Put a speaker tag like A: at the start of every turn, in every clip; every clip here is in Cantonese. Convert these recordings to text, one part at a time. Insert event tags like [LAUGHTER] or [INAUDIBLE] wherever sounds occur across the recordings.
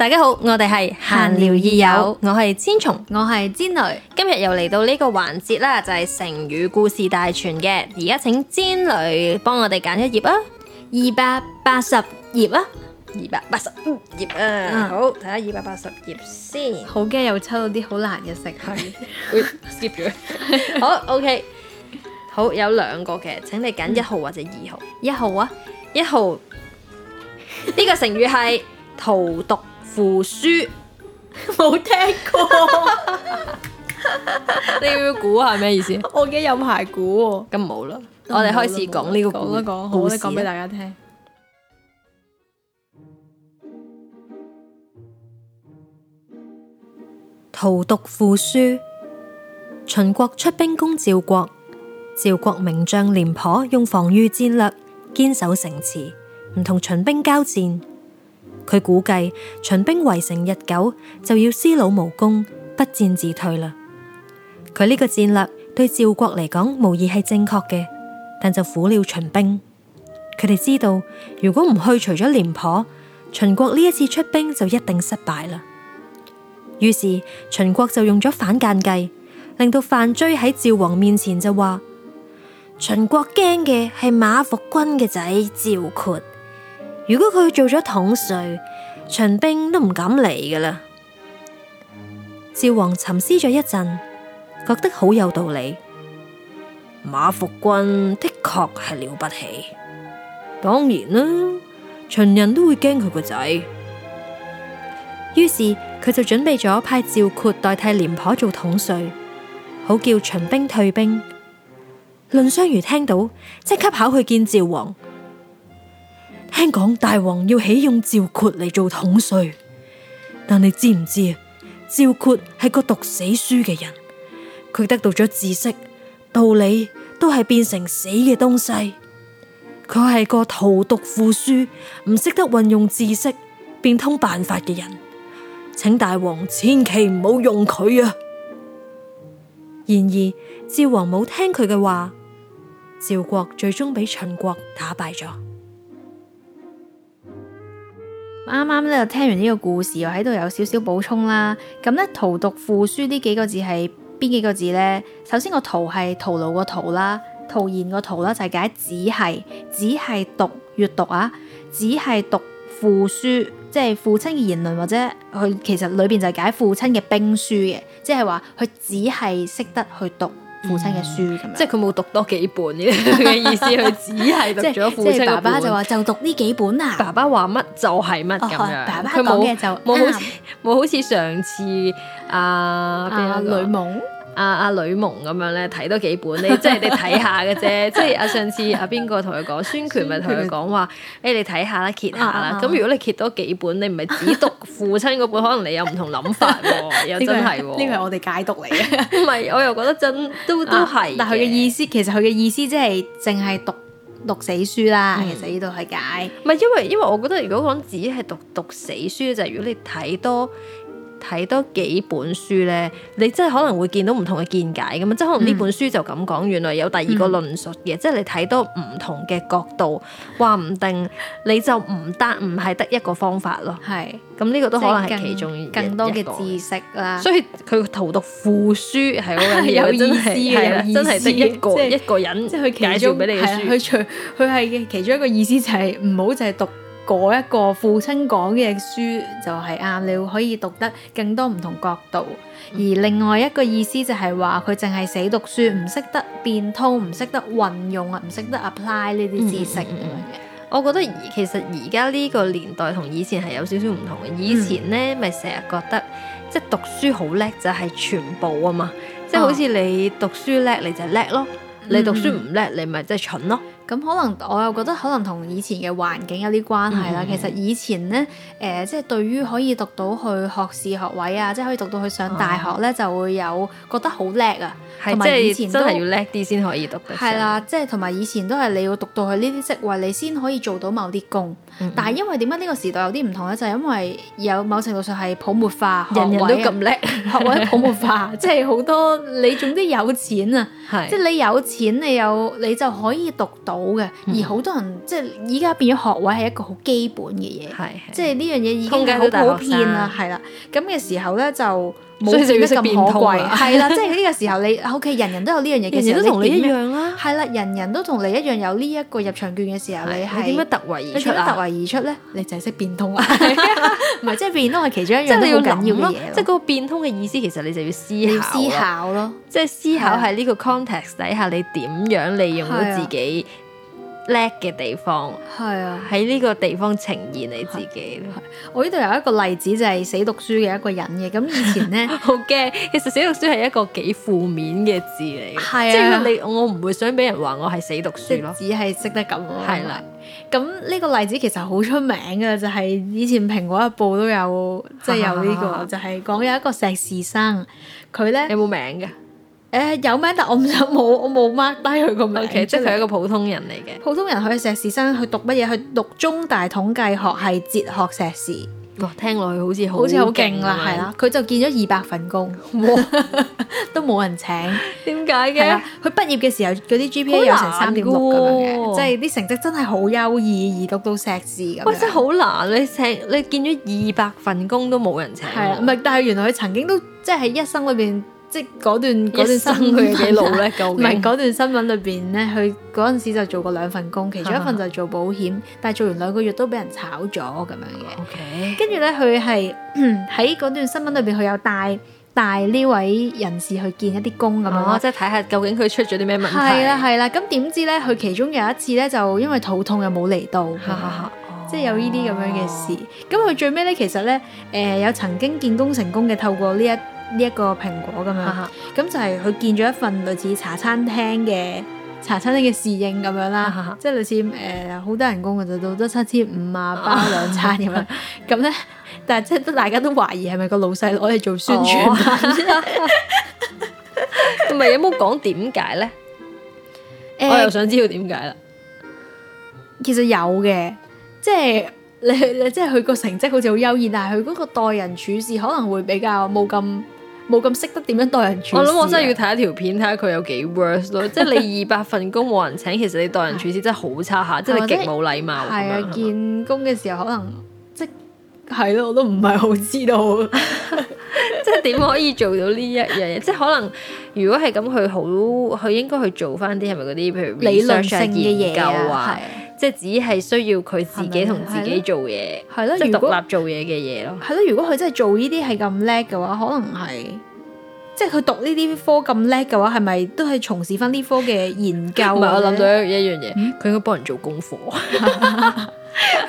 A: 大家好，我哋係閒聊二友，我係千松，我係尖雷，今日又嚟到呢個環節啦，就係成語故事大全嘅。而家請尖雷幫我哋揀一頁啊，二百八十頁啊，二百八十頁啊。好，睇下二百八十頁先。好驚又抽到啲好難嘅食，係，會 skip 咗。好，OK，好有兩個嘅，請你揀一號或者二號。一號啊，一號，呢個成語係徒讀。父書？冇聽過，你要估下咩意思？我記得有排估，咁冇啦。我哋開始講呢個故事。講好，我哋講俾大家聽。徒讀父書，秦國出兵攻趙國，趙國名將廉頗用防御戰略堅守城池，唔同秦兵交戰。佢估計秦兵圍城日久，就要師老無功，不戰自退啦。佢呢個戰略對趙國嚟講無疑係正確嘅，但就苦了秦兵。佢哋知道如果唔去除咗廉頗，秦國呢一次出兵就一定失敗啦。於是秦國就用咗反間計，令到范雎喺趙王面前就話：秦國驚嘅係馬服君嘅仔趙括。如果佢做咗統帥，秦兵都唔敢嚟㗎啦。趙王沉思咗一陣，覺得好有道理。馬服君的確係了不起，當然啦，秦人都會驚佢個仔。於是佢就準備咗派趙括代替廉頗做統帥，好叫秦兵退兵。藺相如聽到，即刻跑去見趙王。聽講大王要起用趙括嚟做統帥，但你知唔知啊？趙括係個讀死書嘅人，佢得到咗知識道理，都係變成死嘅東西。佢係個徒讀父書，唔識得運用知識變通辦法嘅人，請大王千祈唔好用佢啊！然而趙王冇聽佢嘅話，趙國最終俾秦國打敗咗。啱啱咧就聽完呢個故事，又喺度有少少補充啦。咁咧，徒讀父書呢幾個字係邊幾個字呢？首先個徒係徒勞個徒啦，徒言個徒啦，就係解只係只係讀閱讀啊，只係讀父書，即係父親嘅言論或者佢其實裏邊就係解父親嘅兵書嘅，即係話佢只係識得去讀。父親嘅書咁樣，即係佢冇讀多幾本嘅 [LAUGHS] 意思，佢只係讀咗父親，嘅即係爸爸就話就讀呢幾本啊！爸爸話乜就係乜咁樣，佢冇嘅，就冇、嗯、好似、嗯、上次啊啊呂蒙。阿阿呂蒙咁樣咧，睇多幾本，你，你 [LAUGHS] 即係你睇下嘅啫。即係阿上次阿、啊、邊個同佢講，孫權咪同佢講話：，誒、欸，你睇下啦，揭下啦。咁、啊啊啊、如果你揭多幾本，你唔係只讀父親嗰本， [LAUGHS] 可能你有唔同諗法、啊，又真係、啊。呢個係我哋解讀嚟嘅。唔 [LAUGHS] 係，我又覺得真都都係。啊、但佢嘅意思，意思其實佢嘅意思即係淨係讀讀死書啦。嗯、其實呢度係解。唔係，因為因為我覺得如果講只係讀讀死書就就係、如果你睇多。睇多幾本書咧，你真係可能會見到唔同嘅見解咁啊！即係可能呢本書就咁講，嗯、原來有第二個論述嘅，嗯、即係你睇多唔同嘅角度，話唔定你就唔得，唔係得一個方法咯。係是，咁呢個都可能係其中更，更多嘅知識啦。所以佢嘅徒讀父書係好、啊、有意思嘅，真係一個是一個人即係佢介紹俾你佢佢係其中一個意思就係唔好淨係讀。嗰一個父親講嘅書就係、是、啱、啊、你可以讀得更多唔同角度。嗯、而另外一個意思就係話佢淨係死讀書，唔識得變通，唔識得運用啊，唔識得 apply 呢啲知識，我覺得其實而家呢個年代同以前係有少少唔同嘅。以前呢咪成日覺得即係、就是、讀書好叻就係、是、全部啊嘛，即係、哦、好似你讀書叻你就叻咯，你讀書唔叻你咪即係蠢咯。咁可能我又覺得可能同以前嘅環境有啲關係啦。嗯、其實以前呢，誒、呃，即係對於可以讀到去學士學位啊，即係可以讀到去上大學呢，啊、就會有覺得好叻啊！係即係以前都係要叻啲先可以讀，係啦。即係同埋以前都係你要讀到佢呢啲職位，你先可以做到某啲工。嗯嗯，但係因為點解呢個時代有啲唔同咧？就係、因為有某程度上係泡沫化，人人 [LAUGHS] 都咁叻，學位泡沫化，即係好多你總之有錢啊，是 即係你有錢你有你就可以讀到嘅。嗯、而好多人即係依家變咗學位係一個好基本嘅嘢，係即係呢樣嘢已經好普遍啦。係啦，咁嘅時候咧就。所以就要識變通啊！係啦，即係呢個時候你，OK，人人都有呢樣嘢其實都同你一樣啦。係啦，人人都同你一樣有呢一個入場券嘅時候，你點樣突圍而出啊？你點樣突圍而出咧？你就係識變通啊！唔係，即係變通係其中一樣好緊要嘅嘢。即係嗰個變通嘅意思，其實你就要思考思考咯。即係思考喺呢個 context 底下，你點樣利用到自己？叻嘅地方，係啊，喺呢個地方呈現你自己。我呢度有一個例子就係、是、死讀書嘅一個人嘅。咁以前咧好驚，其實死讀書係一個幾負面嘅字嚟，啊、即係你我唔會想俾人話我係死讀書咯。只係識得咁，係啦、嗯。咁呢吧、啊、個例子其實好出名噶，就係、是、以前蘋果日報都有，即、就、係、是、有呢、這個，啊、就係講、那個、有一個碩士生，佢咧有冇名嘅？誒、呃，有咩？但我唔想冇，我冇 mark 低佢個名。O.K.，是即係佢一個普通人嚟嘅。普通人去碩士生，去讀乜嘢？去讀中大統計學系哲學碩士。哇，聽落去好似好似好勁啦，係啦吧。佢就見咗二百份工，哇 [LAUGHS] 都冇人請。點解嘅？佢畢業嘅時候嗰啲 GPA 有成三點六咁樣嘅，即係啲成績真係好優異，而讀到碩士咁真係好難！你成你見咗二百份工都冇人請。係啊吧，唔係吧， [LAUGHS] 但係原來佢曾經都即係喺一生裏邊。即係嗰段段生活嘅路咧，究竟唔係嗰段新聞裏邊咧，佢嗰陣時就做過兩份工，其中一份就做保險， [LAUGHS] 但係做完兩個月都俾人炒咗咁樣嘅。O K，跟住咧佢係喺嗰段新聞裏邊，佢有帶帶呢位人士去見一啲工咁、oh, 樣咯，即係睇下究竟佢出咗啲咩問題。係啦、啊，係啦、啊，咁點知咧佢其中有一次咧就因為肚痛又冇嚟到，oh. 即係有呢啲咁樣嘅事。咁佢、oh. 最尾咧其實咧誒有曾經見工成功嘅，透過呢一呢一個蘋果咁樣，咁就係佢見咗一份類似茶餐廳嘅茶餐廳嘅侍應咁樣啦，即係類似誒好多人工嘅就到得七千五啊，包兩餐咁樣。咁咧，但係即係大家都懷疑係咪個老細攞嚟做宣傳啊？唔係有冇講點解咧？我又想知道點解啦。其實有嘅，即係你你即係佢個成績好似好優異，但係佢嗰個待人處事可能會比較冇咁。冇咁識得點樣待人處事。我諗我真係要睇一條片，睇下佢有幾 worse 咯。 [LAUGHS] 即係你二百份工冇人請，其實你待人處事真係好差下， [LAUGHS] 即係你極冇禮貌。係啊是，嗎見工嘅時候可能即係咯，我都唔係好知道，嗎 [LAUGHS] [LAUGHS] 即係點可以做到呢一樣嘢？ [LAUGHS] 即係可能如果係咁，佢好佢應該去做翻啲係咪嗰啲譬如理論上嘅研究啊？即係只係需要佢自己同自己做嘢，即係獨立做嘢嘅嘢咯。係咯，如果佢真係做呢啲係咁叻嘅話，可能係的即係佢讀呢啲科咁叻嘅話，係咪都係從事翻呢科嘅研究？唔係，我諗到一一樣嘢，佢、嗯、應該幫人做功課。 [LAUGHS] [LAUGHS]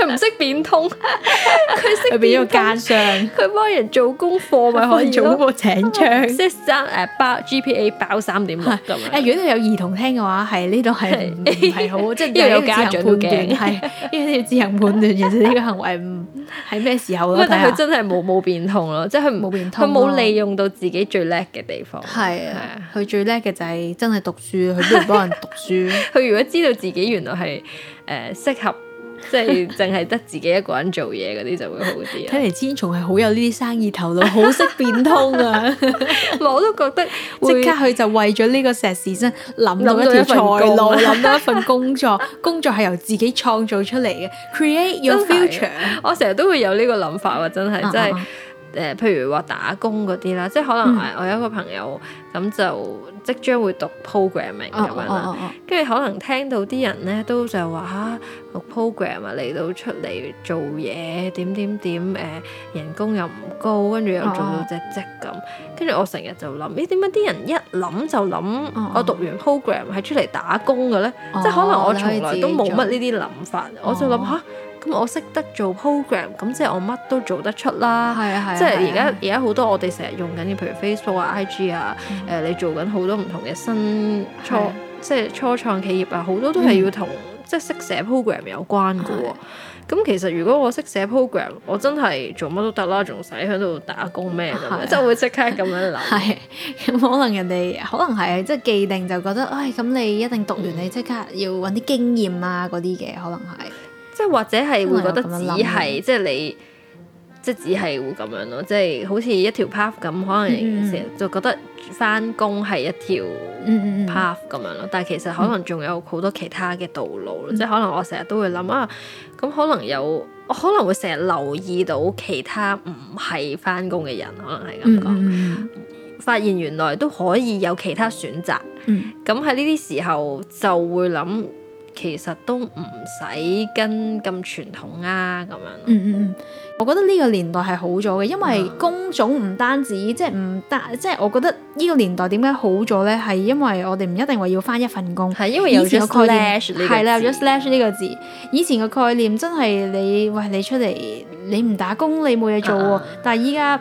A: 佢唔識變通，佢識變咗奸商，佢幫人做功課咪可以做嗰個請槍，識爭誒包 GPA 包三點六咁樣！如果你有兒童聽嘅話，係呢度係唔係好？即係要有家長嘅。斷，係因為你要自行判斷，其實呢個行為唔喺咩時候。不過但係佢真係冇冇變通咯，即係佢冇變通。佢冇利用到自己最叻嘅地方。係啊，佢最叻嘅就係真係讀書，佢都唔幫人讀書？佢如果知道自己原來係誒適合。 [LAUGHS] 即係淨係得自己一個人做嘢嗰啲就會好啲。睇嚟千松係好有呢啲生意頭腦， [LAUGHS] 好識變通啊！ [LAUGHS] 我都覺得即刻佢就為咗呢個碩士生諗到一條財路，諗 [LAUGHS] 到一份工作。工作係由自己創造出嚟嘅，create your future。我成日都會有呢個諗法喎，真係真係。啊啊真誒、呃，譬如話打工嗰啲啦，即係可能誒，我有一個朋友咁、嗯、就即將會讀 programming 咁、哦、樣啦，跟住可能聽到啲人咧都就話吓讀 program 啊嚟到出嚟做嘢點點點誒，人工又唔高，跟住又做到隻職咁，跟住、哦、我成日就諗咦點解啲人一諗就諗、哦、我讀完 program 係出嚟打工嘅咧？哦、即係可能我從來都冇乜呢啲諗法，我就諗吓！哦咁我識得做 program，咁即係我乜都做得出啦。係啊係。即係而家而家好多我哋成日用緊嘅，譬如 Facebook 啊、IG 啊，誒、嗯呃、你做緊好多唔同嘅新創，的即係初創企業啊，好多都係要同、嗯、即係識寫 program 有關嘅喎、哦。咁的其實如果我識寫 program，我真係做乜都得啦，仲使喺度打工咩？的就會即刻咁樣諗。係是的、 [LAUGHS] 嗯，可能人哋可能係即係既定就覺得，唉、哎，咁你一定讀完你即刻要搵啲經驗啊嗰啲嘅可能係。或者係會覺得只係即係你，即係只係會咁樣咯，即係好似一條 path 咁，mm hmm. 可能成日就覺得翻工係一條 path 咁樣咯。Mm hmm. 但係其實可能仲有好多其他嘅道路，mm hmm. 即係可能我成日都會諗啊，咁可能有我可能會成日留意到其他唔係翻工嘅人，可能係咁講，mm hmm. 發現原來都可以有其他選擇。嗯，mm，咁喺呢啲時候就會諗。其實都唔使跟咁傳統啊，咁樣。嗯嗯嗯，我覺得呢個年代係好咗嘅，因為工種唔單止、嗯、即係唔單即係我覺得呢個年代點解好咗呢？係因為我哋唔一定話要返一份工，係因，因為有咗 slash，係啦，有咗 slash 呢個字。啊、以前嘅概念真係你喂，你出嚟你唔打工你冇嘢做喎、哦、啊、但係依家。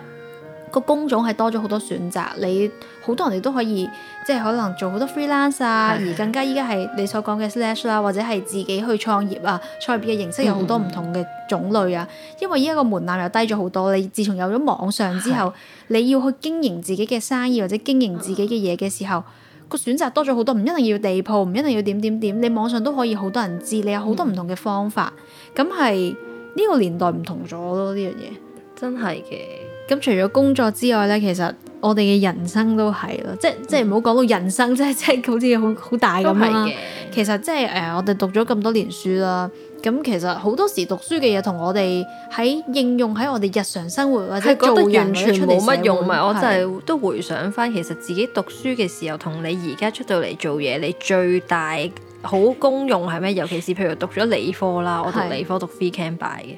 A: 個工種係多咗好多選擇，你好多人哋都可以即係可能做好多 freelance 啊， [MUSIC] 的而更加依家係你所講嘅 slash 啦，或者係自己去創業啊，創業嘅形式有好多唔同嘅種類啊。嗯、因為依家個門檻又低咗好多，你自從有咗網上之後，的你要去經營自己嘅生意或者經營自己嘅嘢嘅時候，個、嗯、選擇多咗好多，唔一定要地鋪，唔一定要點點點，你網上都可以好多人知，你有好多唔同嘅方法。咁係呢個年代唔同咗咯，呢樣嘢真係嘅。咁除咗工作之外咧，其實我哋嘅人生都係咯，即係即係唔好講到人生，嗯、即係即係好似好好大咁嘅。其實即係誒，我哋讀咗咁多年書啦，咁其實好多時讀書嘅嘢同我哋喺應用喺我哋日常生活或者做嘢出嚟完全冇乜用。唔係，我就係都回想返，其實自己讀書嘅時候同你而家出到嚟做嘢，你最大好功用係咩？尤其是譬如讀咗理科啦，我讀理科讀 phy chem bio 嘅。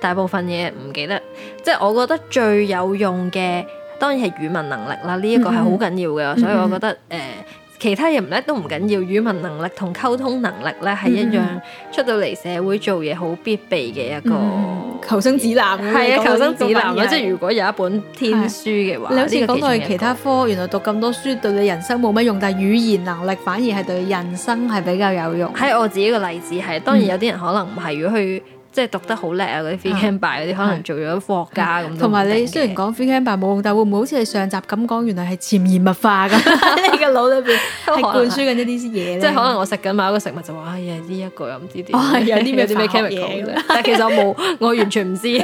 A: 大部分嘢唔記得，即係我覺得最有用嘅，當然係語文能力啦。呢、這、一個係好緊要嘅，嗯、所以我覺得誒、嗯呃，其他人唔叻都唔緊要，語文能力同溝通能力咧係一樣出到嚟社會做嘢好必備嘅一個、嗯、求生指南，係啊是對，求生指南啊！的即係如果有一本天書嘅話，你好似講到其他科，原來讀咁多書對你人生冇乜用，但係語言能力反而係對人生係比較有用。喺、嗯、我自己個例子係，當然有啲人可能唔係如果去。即係讀得好叻啊，嗰啲 freehand 啲可能做咗科學家咁。同埋你雖然講 freehand 冇用，但會唔會好似你上集咁講，原來係潛移默化咁，你個腦裏邊係灌輸緊一啲嘢，即係可能我食緊某一個食物就話：哎呀呢一個又唔知點。有啲咩啲咩 chemical。但其實我冇，我完全唔知。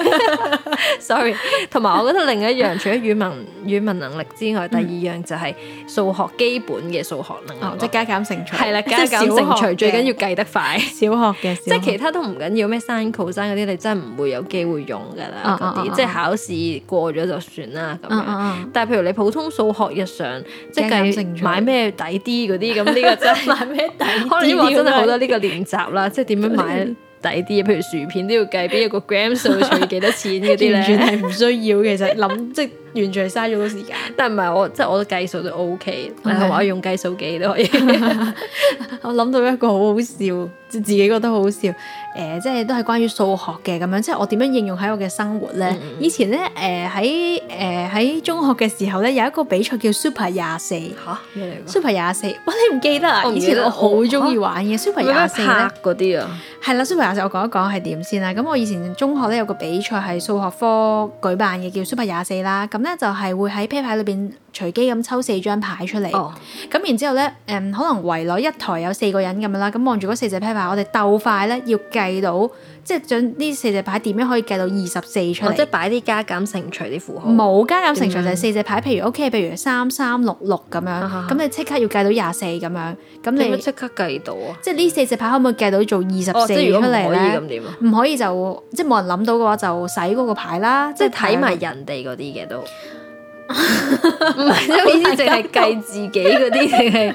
A: sorry。同埋我覺得另一樣，除咗語文語文能力之外，第二樣就係數學基本嘅數學能力，即係加減乘除。係啦，加減乘除最緊要計得快。小學嘅，即係其他都唔緊要咩？生考生嗰啲你真係唔會有機會用噶啦，啲、uh, uh, uh，即係考試過咗就算啦咁。Uh, uh, uh，但係譬如你普通數學日常，即係計買咩抵啲嗰啲，咁呢 [LAUGHS] 個真係買咩抵？ [LAUGHS] 可能呢個真係好多呢個練習啦， [LAUGHS] 即係點樣買抵啲嘢？ [LAUGHS] 譬如薯片都要計邊一個 gram 數除幾多錢嗰啲咧， [LAUGHS] 完全係唔需要。其實諗即、就是完全係嘥咗好多時間，但唔係，我即係我嘅計數都 OK，唔係話用計數機都可以。 [LAUGHS] [LAUGHS] 我諗到一個好好笑，自己覺得好好笑。誒、呃，即係都係關於數學嘅咁樣，即係我點樣應用喺我嘅生活咧？嗯嗯以前咧，誒喺誒喺中學嘅時候咧，有一個比賽叫 Super 廿四嚇，咩嚟嘅？Super 廿四，哇你唔記得啊？我得以前我好中意玩嘅 Super 廿四嗰啲啊，係啦，Super 廿四，我講一講係點先啦。咁我以前中學咧，有個比賽係數學科舉辦嘅，叫 Super 廿四啦。咁咧就係會喺啤牌裏邊隨機咁抽四張牌出嚟，咁、oh. 然之後咧，誒、嗯、可能圍內一台有四個人咁樣啦，咁望住嗰四隻啤牌，我哋鬥快咧要計到。即係將呢四隻牌點樣可以計到二十四出嚟？即係擺啲加減乘除啲符號。冇加減乘除，就係四隻牌。譬如 O K，譬如三三六六咁樣，咁你即刻要計到廿四咁樣，咁你即刻計到啊！即係呢四隻牌可唔可以計到做二十四出嚟？可以咁點啊？唔可以就即係冇人諗到嘅話，就使嗰個牌啦。即係睇埋人哋嗰啲嘅都唔係，即係意思淨係計自己嗰啲定係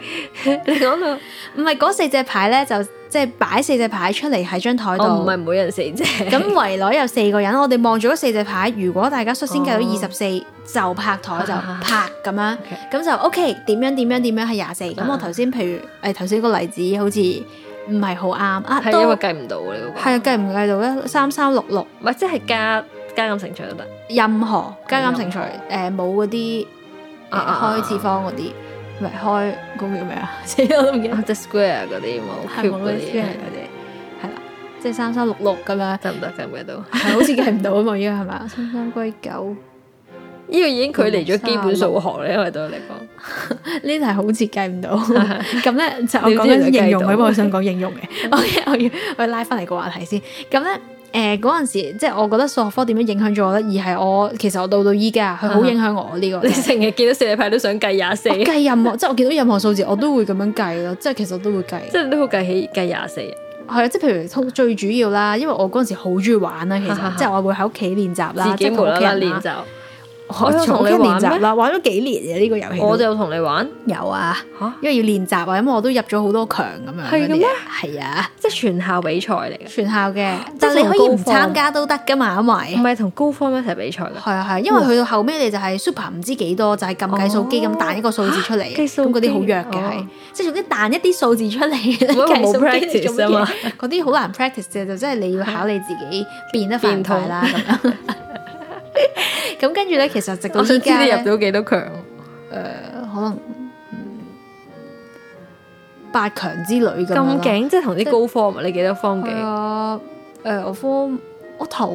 A: 你講到唔係嗰四隻牌咧就。即係擺四隻牌出嚟喺張台度，唔係每人四隻。咁圍內有四個人，我哋望住四隻牌。如果大家率先計到二十四，就拍台就拍咁樣，咁就 O K。點樣點樣點樣係廿四。咁我頭先譬如誒頭先個例子好似唔係好啱啊，都係因為計唔到你個啊，係啊計唔計到咧？三三六六，唔係即係加加減乘除都得，任何加減乘除誒冇嗰啲開次方嗰啲。唔係開公廟咩啊？我都唔記得。即 square 嗰啲冇，係冇嗰啲，係嗰啲，係啦，即係三三六六咁樣，就唔得？就唔得。到，係好似計唔到啊嘛？依個係嘛？三三歸九，呢個已經距離咗基本數學咧，因為對我嚟講，呢題好似計唔到。咁咧就我講緊應用嘅，我想講應用嘅。OK，我要去拉翻嚟個話題先。咁咧。誒嗰陣時，即係我覺得數學科點樣影響咗我咧，而係我其實我到到依家，佢好影響我呢個。你成日見到四隻牌都想計廿四。計任何，即係我見到任何數字我都會咁樣計咯。即係其實我都會計，即係都好計起計廿四。係啊，即係譬如最主要啦，因為我嗰陣時好中意玩啦，其實即係我會喺屋企練習啦，自己喺屋企練就。我同你練習啦，玩咗幾年嘅、啊、呢個遊戲。我就同你玩，有啊，因為要練習啊，因為我都入咗好多強咁樣嗰係嘅係啊，即係全校比賽嚟嘅。全校嘅，但係你可以唔參加都得噶嘛，因為唔係同高方一齊比賽㗎。係啊係啊，因為去到後尾你就係 super 唔知幾多，就係撳計數機咁彈一個數字出嚟、啊啊，咁嗰啲好弱嘅係，即係總之彈一啲數字出嚟。冇 practice 啊嘛，嗰啲好難 practice 嘅，就真、是、係你要考你自己變得變態啦咁樣。笑 [LAUGHS] 咁跟住咧，其實直到依家，入到幾多強？誒，可能八強之類咁。咁勁，即係同啲高科你幾多科幾？誒，我科我頭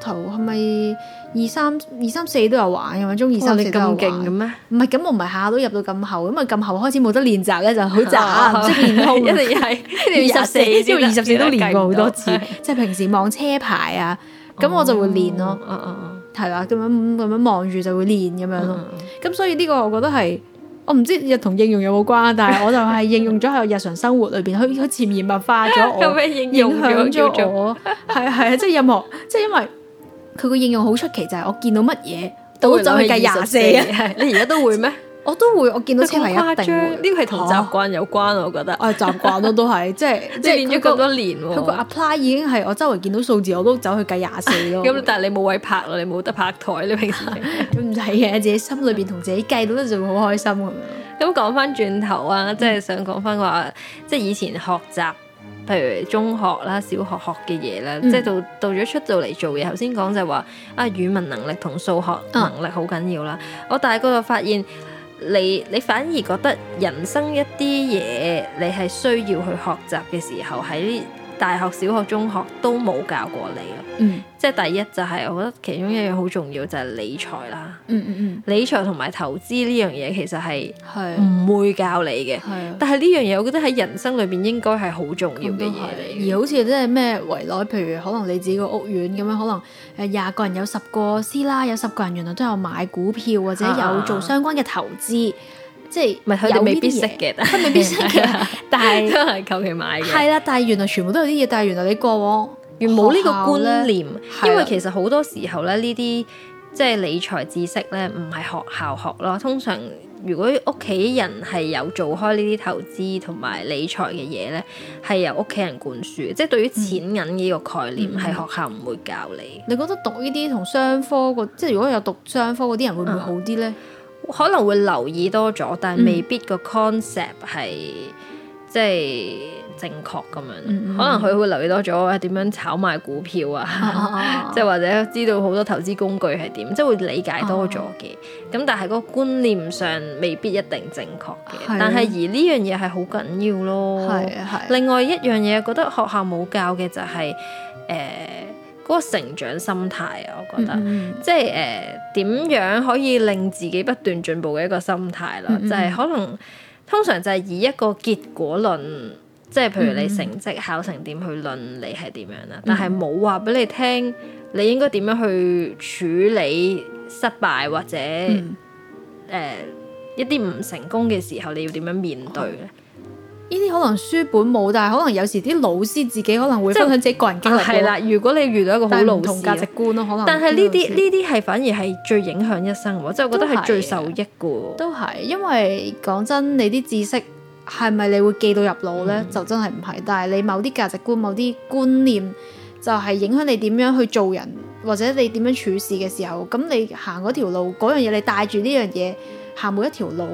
A: 頭係咪二三二三四都有玩嘅？中二三四你咁勁嘅咩？唔係，咁我唔係下下都入到咁後，因為咁後開始冇得練習咧，就好雜，唔識練功。一定係二十四先到二十四都練過好多次，即係平時望車牌啊，咁我就會練咯。係啦，咁樣咁樣望住就會練咁樣咯。咁、嗯、所以呢個，我覺得係我唔知又同應用有冇關係，但係我就係應用咗喺日常生活裏邊，佢佢潛移默化咗我，影響咗我。係係啊，即係任何，即係因為佢個應用好出奇，就係我見到乜嘢都咗去計廿四啊！你而家都會咩？ [LAUGHS] 我都會，我見到超誇張，呢個係同習慣有關，我覺得。誒習慣咯，都係即係即係練咗咁多年喎。佢個 apply 已經係我周圍見到數字，我都走去計廿四咯。咁但係你冇位拍咯，你冇得拍台，你平時咁唔使嘅，自己心裏邊同自己計到咧，就會好開心咁樣。咁講翻轉頭啊，即係想講翻話，即係以前學習，譬如中學啦、小學學嘅嘢啦，即係到到咗出到嚟做嘢，頭先講就係話啊，語文能力同數學能力好緊要啦。我大個就發現。你你反而覺得人生一啲嘢，你係需要去學習嘅時候喺。大學、小學、中學都冇教過你咯，嗯，即係第一就係我覺得其中一樣好重要就係理財啦，嗯嗯嗯，理財同埋投資呢樣嘢其實係係唔會教你嘅，係是，但係呢樣嘢我覺得喺人生裏邊應該係好重要嘅嘢嚟，嗯、而好似即係咩為例，譬如可能你自己個屋苑咁樣，可能誒廿個人有十個師奶，有十個人原來都有買股票或者有做相關嘅投資。啊。即係唔係佢哋未必識嘅，未必識嘅，但係都係求其買嘅。係啦，但係原來全部都有啲嘢，但係原來你過往原冇呢個觀念，因為其實好多時候咧，呢啲即係理財知識咧，唔係學校學咯。通常如果屋企人係有做開呢啲投資同埋理財嘅嘢咧，係由屋企人灌輸。即係對於錢銀呢個概念，係，嗯，學校唔會教你。嗯嗯，你覺得讀呢啲同商科個，即係如果有讀商科嗰啲人，會唔會好啲咧？嗯可能會留意多咗，但係未必個 concept 係、嗯、即係正確咁樣。嗯嗯，可能佢會留意多咗點樣炒賣股票啊，即係、啊啊啊、 [LAUGHS] 或者知道好多投資工具係點，即係會理解多咗嘅。咁、啊、但係嗰個觀念上未必一定正確嘅。是但係而呢樣嘢係好緊要咯。係另外一樣嘢，覺得學校冇教嘅就係、是、誒。呃嗰個成長心態啊，我覺得嗯嗯即係誒點樣可以令自己不斷進步嘅一個心態咯，嗯嗯就係可能通常就係以一個結果論，即係譬如你成績考成點去論你係點樣啦，嗯、但係冇話俾你聽，你應該點樣去處理失敗或者誒、嗯呃、一啲唔成功嘅時候，你要點樣面對咧？嗯嗯嗯呢啲可能書本冇，但係可能有時啲老師自己可能會分享自己個人經歷。係啦、啊，如果你遇到一個好老師同價值觀咯，可能。但係呢啲呢啲係反而係最影響一生嘅，即係我覺得係最受益嘅。都係，因為講真，你啲知識係咪你會記到入腦呢？嗯、就真係唔係。但係你某啲價值觀、某啲觀念，就係影響你點樣去做人，或者你點樣處事嘅時候，咁你行嗰條路，嗰樣嘢你帶住呢樣嘢行每一條路，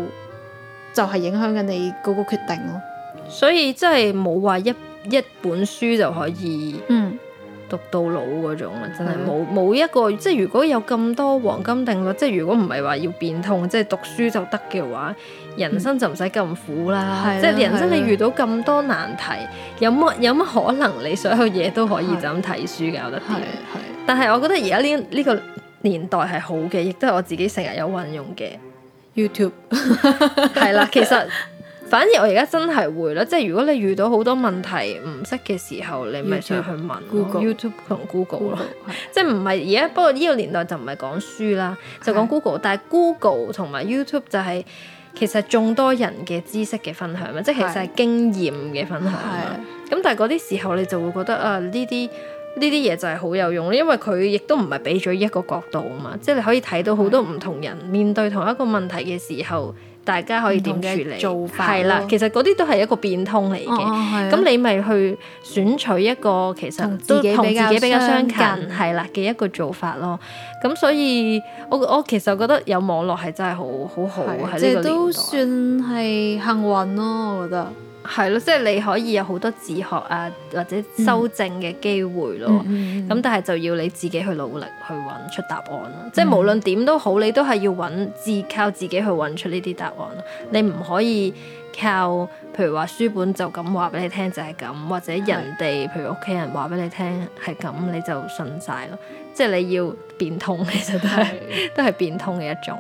A: 就係影響緊你嗰個決定咯。所以真係冇話一一本書就可以讀到老嗰種啦，嗯、真係冇冇一個，即係如果有咁多黃金定律，即係如果唔係話要變通，即係讀書就得嘅話，嗯、人生就唔使咁苦是啦。即係人生你遇到咁多難題，有乜有乜可能你所有嘢都可以就咁睇書搞得掂？是是但係我覺得而家呢呢個年代係好嘅，亦都係我自己成日有運用嘅 YouTube 係啦，其實。反而我而家真係會啦，即係如果你遇到好多問題唔識嘅時候，你咪上去問 YouTube 同 Google 咯，Go Google [LAUGHS] 即係唔係而家？不過呢個年代就唔係講書啦，就講 Google 的。但係 Google 同埋 YouTube 就係、是、其實眾多人嘅知識嘅分享啦，的即係其實係經驗嘅分享咁的但係嗰啲時候你就會覺得啊，呢啲呢啲嘢就係好有用，因為佢亦都唔係俾咗一個角度啊嘛，即係你可以睇到好多唔同人面對同一個問題嘅時候。大家可以點處理？係啦，了其實嗰啲都係一個變通嚟嘅。咁、哦、你咪去選取一個其實都同自己比較相近係啦嘅一個做法咯。咁所以我，我我其實覺得有網絡係真係好好好喺呢個年代。都算係幸運咯，我覺得。係咯，即係、就是、你可以有好多自學啊或者修正嘅機會咯，咁、嗯、但係就要你自己去努力去揾出答案咯。嗯、即係無論點都好，你都係要揾，自靠自己去揾出呢啲答案。嗯、你唔可以靠，譬如話書本就咁話俾你聽就係咁，或者人哋是譬如屋企人話俾你聽係咁，你就，是你就信晒咯。嗯、即係你要變通，其實都係是都係變通嘅一種。